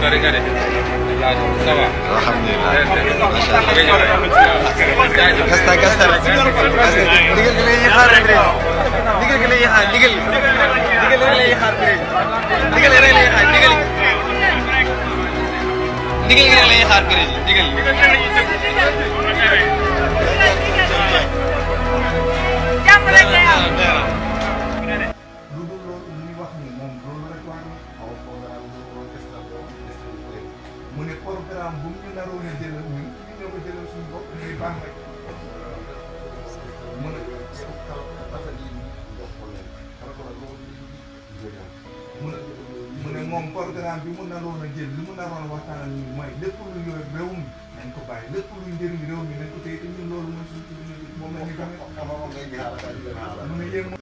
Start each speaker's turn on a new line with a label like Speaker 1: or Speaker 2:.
Speaker 1: sori nga de. ça va. alhamdulilah. macha allah. gasta gasta rek. ndigal gi lay xaar rek ndigal gi lay xaar ndigal gi. ndigal rek lay xaar rek. ndigal rek lay xaar ndigal gi. ndigal gi rek lay xaar rek ndigal gi. mu ne programme bu ñu naroon a jëlal ñun ñu ñoo ko jëlal suñu bopp muy baax rek mu ne mu ne moom programme bi mu naroon a jël li mu naroon a waxtaan ak ñun mooy lépp lu yor réew mi nañ ko bàyyi lépp lu njëriñ réew mi nañ ko téye te ñun loolu mooy suñu moom la ñu gën a mu ne yéen